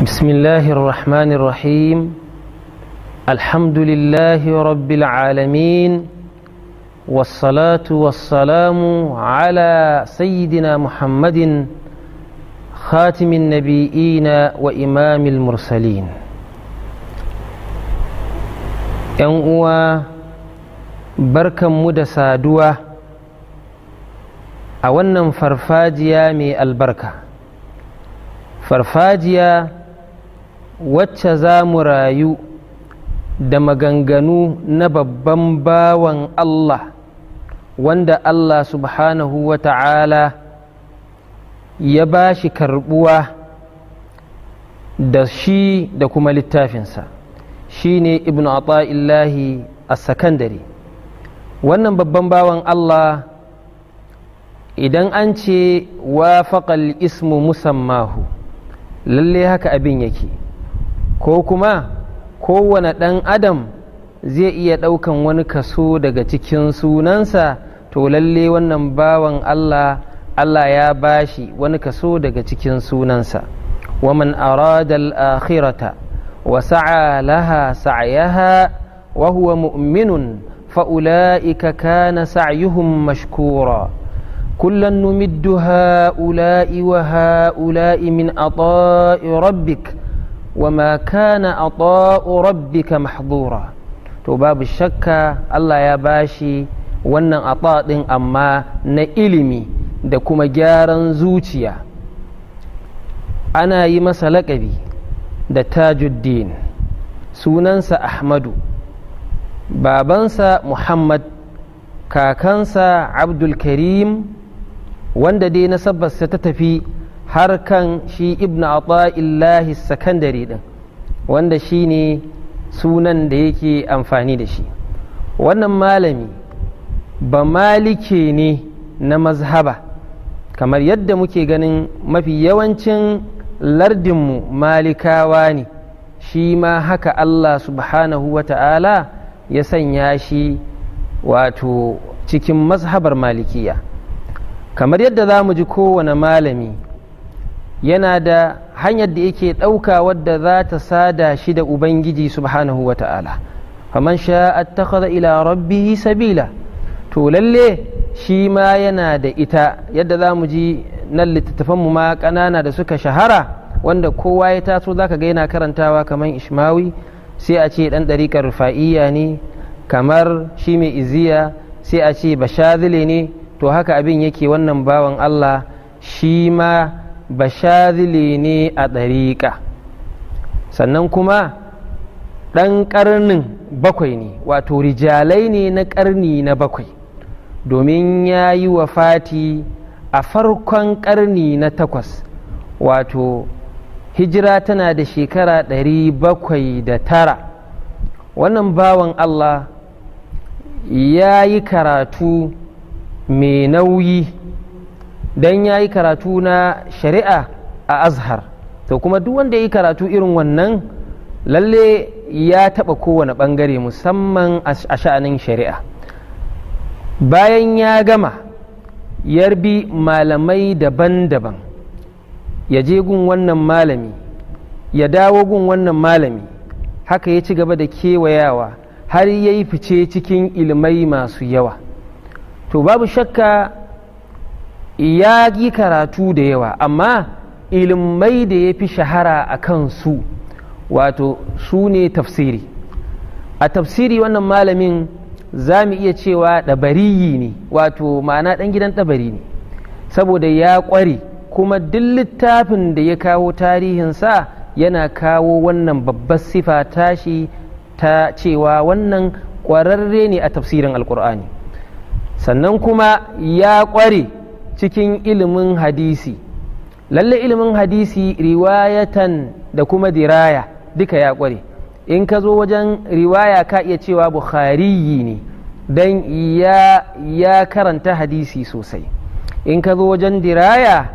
بسم الله الرحمن الرحيم الحمد لله رب العالمين والصلاة والسلام على سيدنا محمد خاتم النبيين وإمام المرسلين ينقوى بركة مدى سادوة أولا فرفاجيا مي البركة فرفاجيا wacce za mu rayu da maganganu na babban bawan Allah wanda Allah subhanahu wa ta'ala ya ba shi karbuwa da shi da kuma littafinsa shi ne ibn Ata'illahi a sakandare wannan babban bawan Allah idan an ce wa wafaƙal ismu musammahu lalle haka abin yake ko kuma kowane ɗan adam zai iya ɗaukan wani kaso daga cikin sunansa to lalle wannan bawan Allah Allah ya bashi wani kaso daga cikin sunansa waman arada al-akhirata wa sa'a laha sa'yaha wa huwa mu'minun ula'ika kana sa'yuhum mashkura ulai wa ha ulai min عطاء ربك wa ma kana ata'u rabbika mahdura to babu shakka Allah ya bashi wannan ata din amma na ilimi da kuma gyaran zuciya ana yi masa laƙabi da tajuddin sunansa ahmadu babansa muhammad kakansa abdulkarim wanda dai nasabarsa ta tafi Har kan shi ibn ata'illahi sakandare din wanda shi ne sunan da yake amfani da shi wannan malami ba malike ne na mazhaba kamar yadda muke ganin mafi yawancin lardinmu malikawa ne shi ma haka Allah subhanahu wa ta'ala ya sanya shi wato cikin mazhabar malikiya kamar yadda za mu ji kowane malami yana da hanyar da yake ɗauka wadda za ta sada shi da ubangiji subhanahu wa ta'ala faman sha'a ila rabbi sabila to lalle shi ma yana da ita yadda za mu ji nan littattafan mu ma ƙanana da suka shahara wanda kowa ya taso zaka ga yana karantawa kamar ishmawi sai a ce ɗan ɗariƙar rufa'iyya ne kamar shi mai iziya sai a ce bashazile ne to haka abin yake wannan bawan allah shi ma bashazili ne a ɗariƙa sannan kuma ɗan ƙarnin bakwai ne wato rijalai ne na ƙarni na bakwai domin ya yi wa fati a farkon ƙarni na takwas wato hijira tana da shekara ɗari bakwai da tara wannan bawan allah ya yi karatu mai nauyi don ya yi karatu na shari'a a azhar to kuma duk wanda ya yi karatu irin wannan lalle ya taɓa kowane bangare musamman a sha'anin shari'a bayan ya gama yarbi malamai daban-daban ya je gun wannan malami ya dawo gun wannan malami haka ya ci gaba da kewayawa har ya yi fice cikin ilmai masu yawa to babu shakka ya yi karatu da yawa amma ilimai da ya fi shahara a su wato su ne tafsiri a tafsiri wannan malamin za mu iya cewa ɗabariyi ne wato ma'ana ɗan gidan ɗabari ne saboda ya ƙware kuma duk littafin da ya kawo tarihinsa yana kawo wannan babbar sifa tashi ta cewa wannan ƙwararre ne a tafsirin alƙur'ani sannan kuma ya ƙware cikin ilimin hadisi lalle ilimin hadisi riwayatan da kuma diraya duka ya kware in ka zo wajen riwaya ka iya cewa bukhariyi ne don ya karanta hadisi sosai in ka zo wajen diraya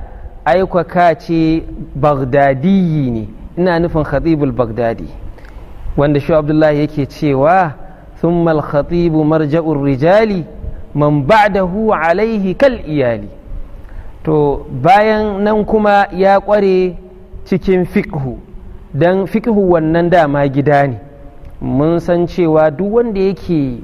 aikwa ka ce bagdadiyi ne ina nufin khatibul bagdadi wanda shi abdullahi yake cewa thumma al-khatibu marja'ur rijali man ba'dahu alaihi kal iyali to bayan nan kuma ya ƙware cikin fiƙhu don fiƙhu wannan dama gida ne mun san cewa duk wanda yake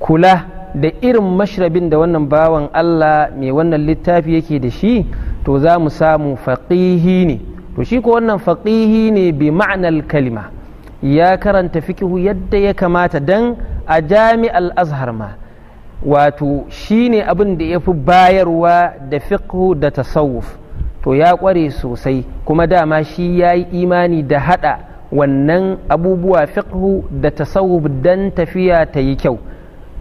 kula da irin mashrabin da wannan bawan Allah mai wannan littafi yake da shi to za mu samu faƙihi ne to shi ko wannan faƙihi ne bi ma'anar kalima ya karanta fikihu yadda ya kamata don a jami'al azhar ma wato ne abin da ya fi bayarwa da fiqhu da tasawuf to ya kware sosai kuma dama shi ya yi imani da hada wannan abubuwa fiqhu da tasawuf dan tafiya ta yi kyau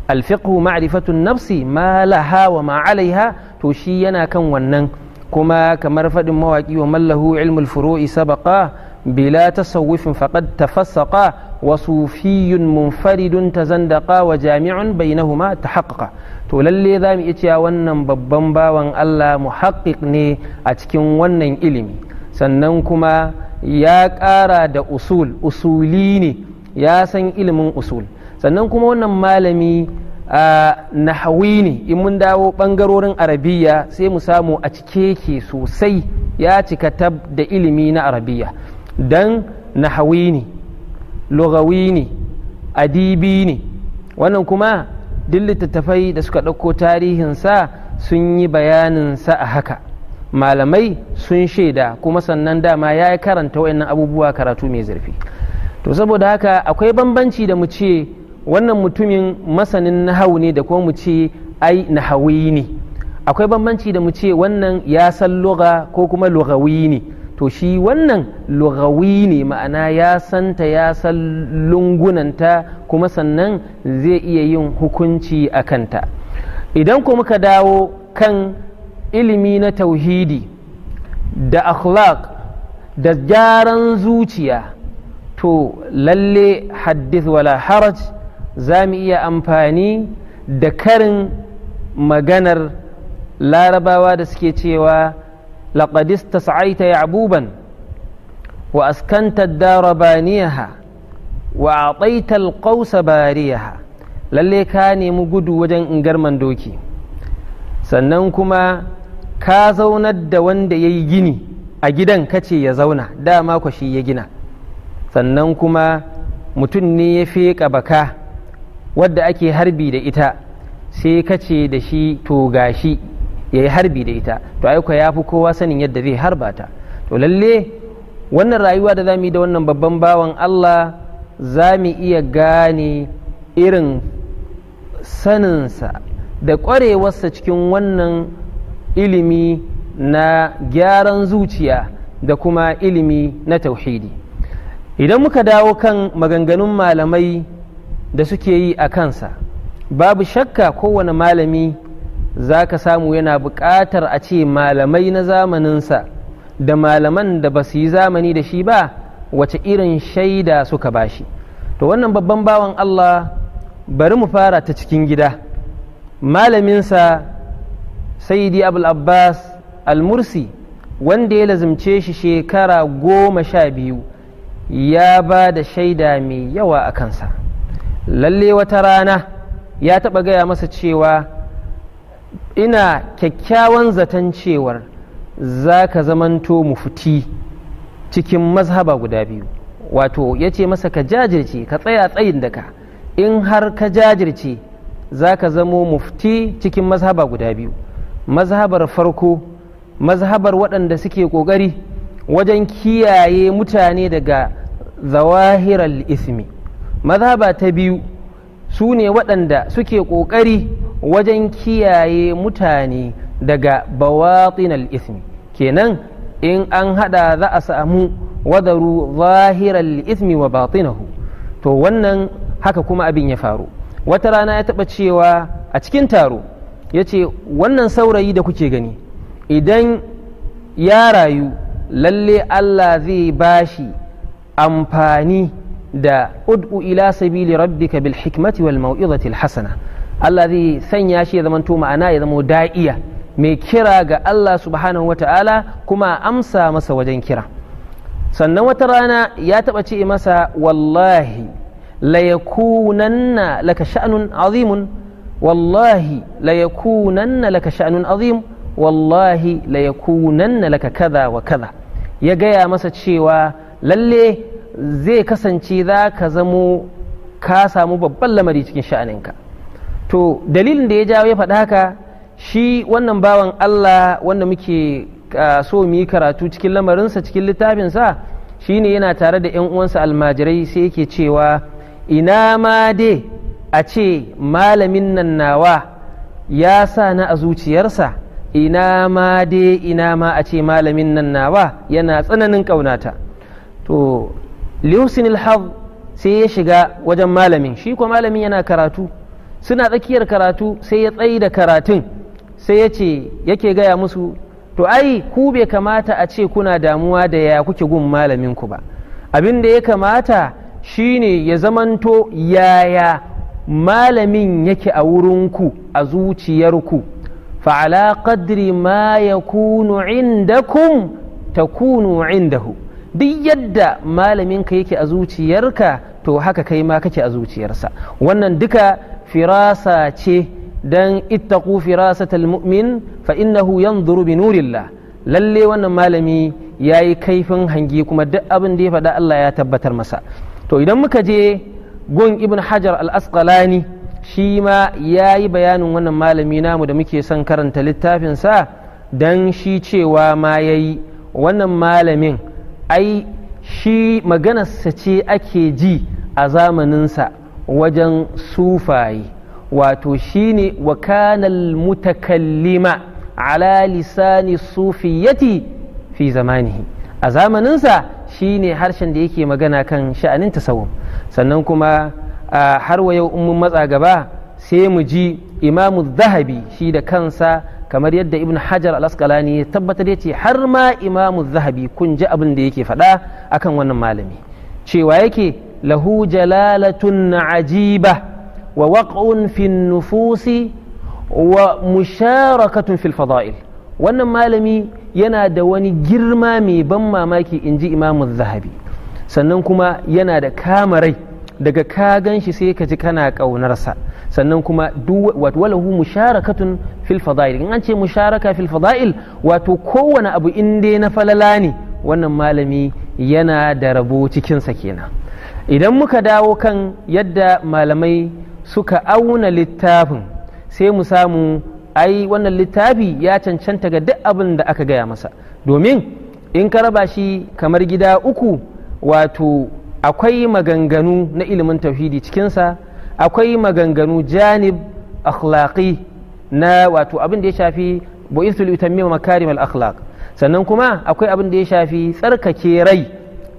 alfiqhu ma'rifatun nafsi ma laha wa ma alaiha to shi yana kan wannan kuma kamar faɗin mawaƙi wa mallahu ilmul furu'i sabaqa bila tasawufin faqad tafassaqa وصوفي منفرد تزندقا وجامع wa jami'un bainahuma tahaqqaqa to lalle zamu iya cewa wannan babban bawan Allah muhaqqiq ne a cikin wannan ilimi sannan kuma ya ƙara da usul usuli ne ya san ilimin usul sannan kuma wannan malami a nahawi ne in mun dawo ɓangarorin arabiya sai mu samu a cike ke sosai ya cika tab da ilimi na arabiya dan nahawi ne lugawi ne adibi ne wannan kuma duk littattafai da suka ɗauko tarihinsa sun yi bayaninsa a haka malamai sun shaida kuma sannan dama ya yi karanta wayannan abubuwa karatu mai zurfi to saboda haka akwai bambanci da mu ce wannan mutumin masanin nahau ne da kuma mu ce ai nahawi ne akwai bambanci da mu ce wannan ya san ko kuma lugawi ne to shi wannan lugawi ne ma'ana ya santa ya san lungunanta kuma sannan zai iya yin hukunci a kanta idan kuma ka dawo kan ilimi na tauhidi da akhlaq da gyaran zuciya to lalle haddith wala haraj za mu iya amfani da karin maganar larabawa da suke cewa لقد استسعيت يعبوبا وأسكنت الدار بانيها وأعطيت القوس باريها lalle ka nemi gudu wajen ingarman doki sannan kuma ka zaunar da wanda ya yi gini a gidan kace ya zauna dama ku shi ya gina sannan kuma mutum ne ya feƙa baka wadda ake harbi da ita sai kace da shi to gashi ya yi harbi da ita to aiko ya fi kowa sanin yadda zai harba ta to lalle wannan rayuwa da zamu yi da wannan babban bawan Allah za mu iya gane irin saninsa da ƙwarewarsa cikin wannan ilimi na gyaran zuciya da kuma ilimi na tauhidi idan muka dawo kan maganganun malamai da suke yi a kansa babu shakka kowane malami za ka samu yana buƙatar a ce malamai na zamaninsa da malaman da ba su yi zamani da shi ba wace irin shaida suka ba shi to wannan babban bawan Allah bari mu fara ta cikin gida malaminsa sayyidi abul abbas al-mursi wanda ya lazimce shi shekara goma sha biyu ya ba da shaida mai yawa a kansa lalle wata rana ya taɓa gaya masa cewa ina kyakkyawan zaton cewar za ka zamanto fiti cikin mazhaba guda biyu wato ya ce masa ka jajirce ka tsaya tsayin daka in har ka jajirce za ka zamo mufti cikin mazhaba guda biyu mazhabar farko mazhabar waɗanda suke ƙoƙari wajen kiyaye mutane daga zawahiral ismi mazhaba ta biyu su ne waɗanda suke ƙoƙari wajen kiyaye mutane daga bawatinal ismi kenan in an hada za a samu wadaru zahiral ismi wa batinahu to wannan haka kuma abin ya faru wata rana ya taba cewa a cikin taro ya ce wannan saurayi da kuke gani idan ya rayu lalle Allah zai bashi amfani da ud'u ila sabili rabbika bil hikmati wal mau'izati al hasana Allah zai sanya shi ya zamanto ma'ana ya zamo da'iya mai kira ga Allah subhanahu wata'ala kuma amsa masa wajen kira sannan wata rana ya taɓa ce masa wallahi layakunanna laka sha'anun azimun wallahi layakunanna laka sha'anun azim wallahi layakunanna laka kaza wa kaza ya gaya masa cewa lalle zai kasance za ka zamo ka samu babban lamari cikin sha'aninka to dalilin da ya jawo ya faɗa haka shi wannan bawan Allah wanda muke so mu yi karatu cikin lamarinsa cikin littafinsa shine yana tare da 'yan uwansa almajirai sai yake cewa ina ma dai a ce malamin nan nawa ya sa na a zuciyarsa ina ma dai ina ma a ce malamin nan nawa yana tsananin ƙaunata to liusin sai ya shiga wajen malamin shi kuwa malamin yana karatu suna tsakiyar karatu sai ya tsayi da karatun sai ya ce yake gaya musu to ai ku bai kamata a ce kuna damuwa da ya kuke gun malamin ku ba abin da ya kamata shine ya zamanto yaya malamin yake a wurinku a zuciyarku fa'ala qadri ma yakunu indakum takunu indahu duk yadda malaminka yake a zuciyarka to haka kai ma kake a zuciyarsa wannan duka firasa ce dan ittaqu firasatal mu'min fa innahu yanzuru bi nurillah lalle wannan malami yayi kaifin hangi kuma duk abin da ya faɗa Allah ya tabbatar masa to idan muka je gun ibn hajar al-asqalani shi ma ya yi bayanin wannan malami namu da muke son karanta littafinsa don shi cewa ma ya yi wannan malamin ai shi maganarsa ce ake ji a zamaninsa wajen sufaye wato shine wa kanal mutakallima ala lisani sufiyati fi zamanihi a zamaninsa shine harshen da yake magana kan sha'anin tasawuf sannan kuma har wa yau mun matsa gaba sai mu ji imamu zahabi shi da kansa kamar yadda ibn hajar al-asqalani ya tabbatar ya ce har ma imamu zahabi kun ji abin da yake faɗa akan wannan malami cewa yake له جلالة عجيبة ووقع في النفوس ومشاركة في الفضائل wannan malami yana da wani girma mai ban mamaki in ji imamun zahabi sannan kuma yana da kama rai daga ka gan shi sai ka ji kana ƙaunarsa sannan kuma walahu musharakatun fil fada'il in an ce musharaka fil fada'il wato kowane abu in dai na falala ne wannan malami yana da rabo cikinsa kenan idan muka dawo kan yadda malamai suka auna littafin sai mu samu ai wannan littafi ya cancanta ga duk abin da aka gaya masa domin in ka raba shi kamar gida uku wato akwai maganganu na ilimin tauhidi cikinsa akwai maganganu janib akhlaqi na wato abin da ya shafi bu'isul utammima makarim al akhlaq sannan kuma akwai abin da ya shafi tsarkake rai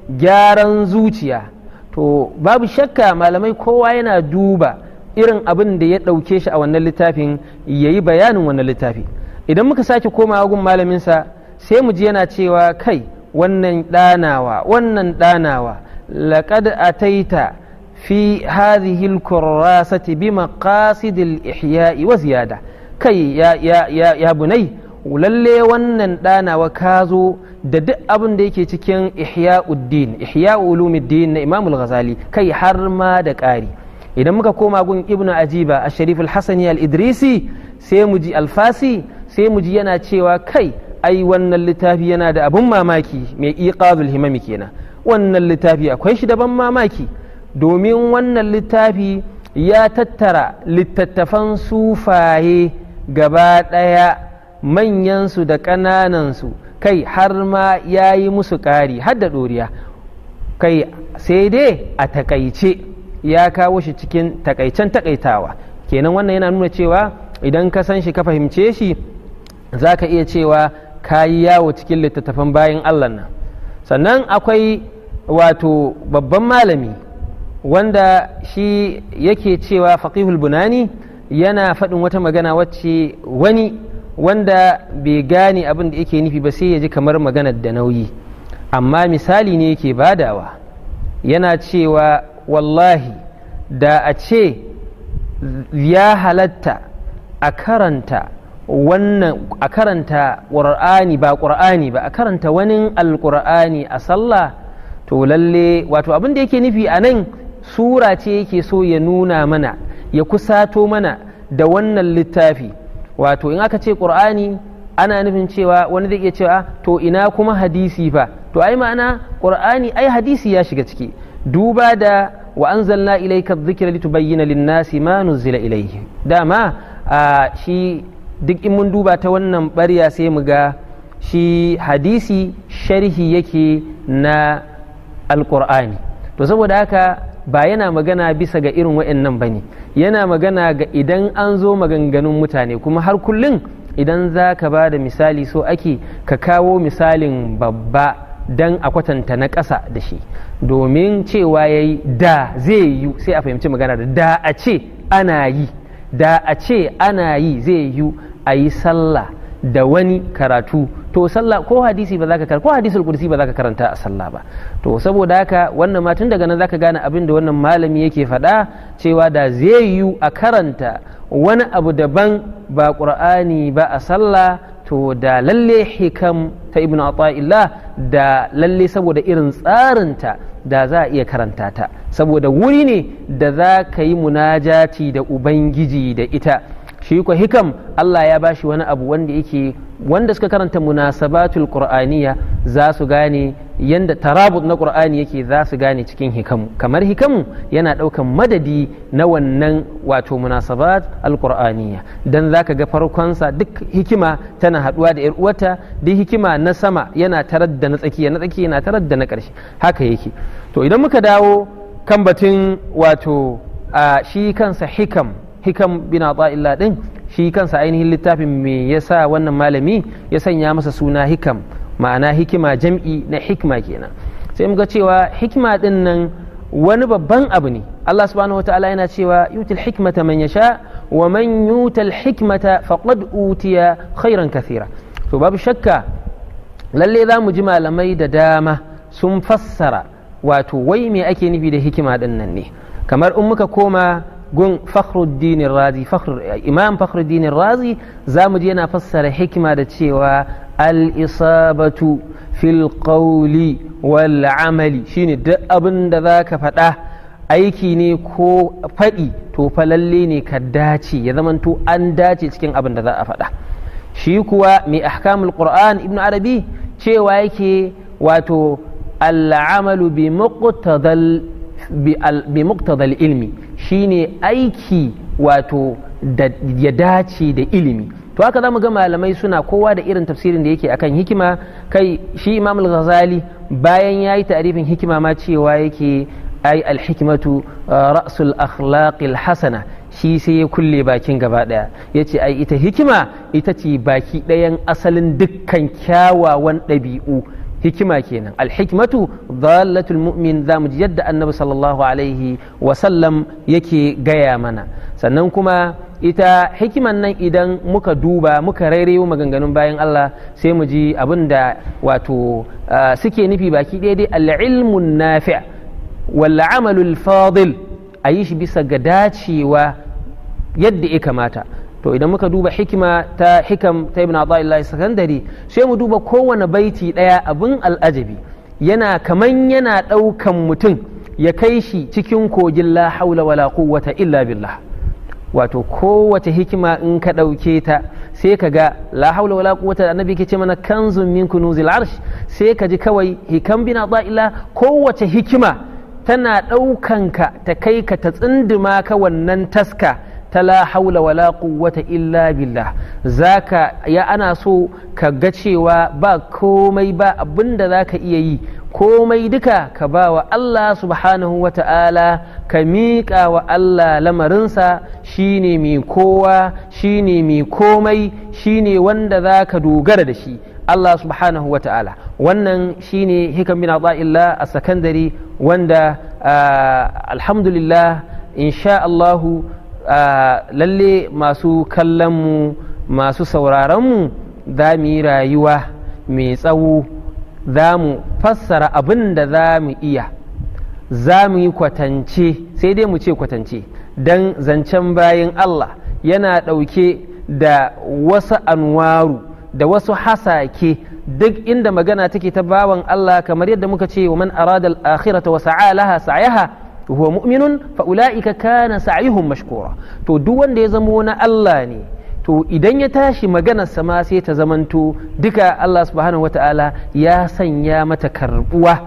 gyaran zuciya to babu shakka malamai kowa yana duba irin abin da ya ɗauke shi a wannan littafin ya yi bayanin wannan littafi idan muka sake koma gun malaminsa sai mu ji yana cewa kai wannan ɗanawa wannan ɗanawa laƙad taita fi hadhihi kurrasati bi maqasidil ihya'i wa ziyada kai ya ya ya, ya bunai lalle wannan ɗanawa ka zo da duk abin da yake cikin ihyau ulumuddin na imamul ghazali kai har ma da ƙari idan muka koma gun ibnu ajiba a sharif al-hasani al-idrisi sai mu ji alfasi sai mu ji yana cewa kai ai wannan littafi yana da abin mamaki mai iqazul himami kenan wannan littafi akwai shi daban mamaki domin wannan littafi ya tattara littattafan sufaye gaba ɗaya manyansu da ƙananansu kai har ma ya yi musu ƙari har da ɗoriya kai sai dai a takaice ya kawo shi cikin takaicen taƙaitawa. kenan wannan yana nuna cewa idan ka san shi ka fahimce shi za ka iya cewa ka yi yawo cikin littattafan bayan allah nan sannan akwai wato babban malami wanda shi yake cewa faqihul bunani yana faɗin wata magana wacce wani wanda bai gane abin da yake nufi ba sai ya ji kamar maganar da nauyi amma misali ne yake badawa yana cewa wallahi da a ce ya halatta a karanta wannan a karanta ƙur'ani ba ƙur'ani ba a karanta wani alƙur'ani a sallah to lalle wato abin da yake nufi a nan sura ce yake so ya nuna mana ya kusato mana da wannan littafi wato in aka ce qur'ani ana nufin cewa wani zai iya cewa ah, to ina kuma hadisi fa to ai ma'ana qur'ani ai hadisi ya shiga ciki duba da wa anzalna ilayka dhikra litubayyana lin-nasi ma nuzila ilayhi dama shi duk in mun duba ta wannan barya sai mu ga shi hadisi sharhi yake na al-qur'ani to saboda haka ba yana magana bisa ga irin wa'annan ba ne yana magana ga idan an zo maganganun mutane kuma har kullum idan za ka ba da misali so ake ka kawo misalin babba don a kwatanta na ƙasa da shi domin cewa ya yi da zai yi sai a fahimci magana da da a ce ana yi da a ce ana yi zai yi a yi sallah da wani karatu to sallah ko hadisi ba za ka karanta ko hadisul kursi ba za ka karanta a sallah ba to saboda haka wannan ma tun daga nan zaka gane abin da wannan malami yake faɗa cewa da zai yiwu a karanta wani abu daban ba qur'ani ba a sallah to da lalle hikam ta ibnu ata'illah da lalle saboda irin tsarinta da za a iya karanta ta saboda wuri ne da za ka yi munajati da ubangiji da ita shi ko hikam Allah ya bashi wani abu wanda yake wanda suka karanta munasabatul qur'aniya za su gane yanda tarabut na qur'ani yake za su gane cikin hikamu kamar hikamu yana ɗaukan madadi na wannan wato munasabat alqur'aniya dan zaka ga farkonsa duk hikima tana haɗuwa da 'yar uwata duk hikima na sama yana tarar da na tsakiya na tsakiya yana tarar da na ƙarshe haka yake to idan muka dawo kan batun wato shi kansa hikam hikam bin illa din shi kansa ainihin littafin me yasa wannan malami ya sanya masa suna hikam ma'ana hikima jam'i na hikima kenan sai muga cewa hikima din nan wani babban abu ne Allah subhanahu wataala yana cewa yutil hikmata man yasha wa man yutal hikmata faqad utiya khairan kathira to babu shakka lalle za mu ji malamai da dama sun fassara wato wai me ake nufi da hikima din nan ne kamar in muka koma gun fakhruddin razi imam fakhruddin razi za mu je yana fassara hikima da cewa al-isabatu fil qawli wal amali shine da abin da zaka faɗa aiki ne ko faɗi to fa ne ka dace ya zamanto an dace cikin abin da za a faɗa shi kuwa mai ahkamul qur'an ibnu arabi cewa yake wato al-amalu bi muqtadal bi muktadal ilmi shine aiki wato ya dace da ilimi to haka zamu ga malamai suna kowa da irin tafsirin da yake akan hikima kai shi imam al-ghazali bayan yayi ta'rifin hikima ma cewa yake ai al-hikmatu uh, ra'sul akhlaqil hasana shi sai ya kulle bakin gaba daya yace ai ita hikima ita ce baki dayan asalin dukkan kyawawan ɗabi'u hikima kenan alhikmatu dhalatul mu'min za mu ji yadda annabi sallallahu alaihi wa sallam yake gaya mana sannan kuma ita hikiman nan idan muka duba muka rairayo maganganun bayan Allah sai mu ji abin da wato suke nufi baki ɗaya dai al-ilmun nafi' wal amalul fadil a yi shi bisa ga dacewa yadda ya kamata to idan muka duba hikima ta hikam ta ibn Abdullahi sakandari sai mu duba kowane baiti ɗaya abin al'ajabi yana kaman yana ɗaukan mutum ya kai shi cikin kogin la haula wala quwwata illa billah wato kowace hikima in ka ɗauke ta sai ka ga la haula wala quwwata annabi ke ce mana kanzun min kunuzil arsh sai ka ji kawai hikam bin Abdullahi kowace hikima tana ɗaukanka ta kai ka ta tsinduma ka wannan taska ta la haula wala quwwata illa billah zaka ya ana so ka ga cewa ba komai ba abinda zaka iya yi komai duka ka ba wa Allah subhanahu wa ta'ala ka miƙa wa Allah lamarinsa shi ne mai kowa shi ne mai komai shi ne wanda za ka dogara da shi Allah subhanahu wa ta'ala wannan shi ne hikan bin a sakandare wanda ah, alhamdulillah insha Allahu Ah, lalle masu kallonmu masu sauraronmu za mu yi rayuwa mai tsawo za mu fassara abin da za mu iya za mu yi kwatance sai dai mu ce kwatance don zancen bayan Allah yana ɗauke da wasu anwaru da wasu hasake duk inda magana take ta bawan Allah kamar yadda muka ce wa man arada al-akhirata wa sa'alaha sa'yaha huwa mu'minun fa ulaika kana sa'ihum mashkura to duk wanda ya zamo na Allah ne to idan ya tashi maganar sama sai ta zamanto duka Allah subhanahu wata'ala ya sanya mata karbuwa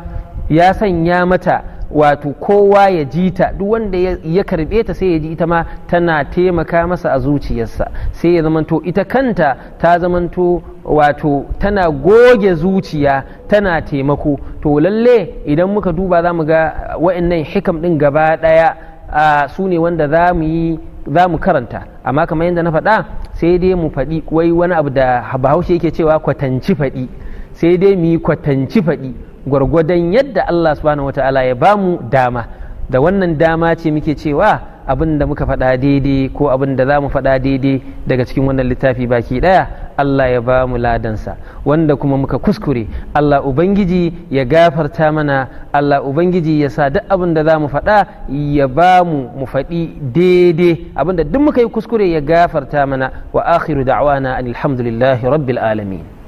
ya sanya mata wato kowa ya ji ta duk wanda ya karbe ta sai ya ji ita ma tana taimaka masa a zuciyarsa sai ya zamanto ita kanta ta zamanto wato tana goge zuciya tana taimako to lalle idan muka duba za mu ga wa'annan hikam din gaba ɗaya su ne wanda za mu yi za mu karanta amma kamar yadda na faɗa sai dai mu faɗi wai wani abu da bahaushe yake cewa kwatanci faɗi sai dai mu yi kwatanci faɗi gwargwadon yadda Allah subhanahu ta'ala ya ba mu dama da wannan dama ce muke cewa abin da muka faɗa daidai ko abin da za mu faɗa daidai daga cikin wannan littafi baki ɗaya Allah ya ba mu ladansa wanda kuma muka kuskure Allah Ubangiji ya gafarta mana Allah Ubangiji ya sa duk abin da za mu faɗa ya ba mu mu faɗi daidai abin da duk muka yi kuskure ya gafarta mana wa akhiru da'wana alhamdulillahi rabbil alamin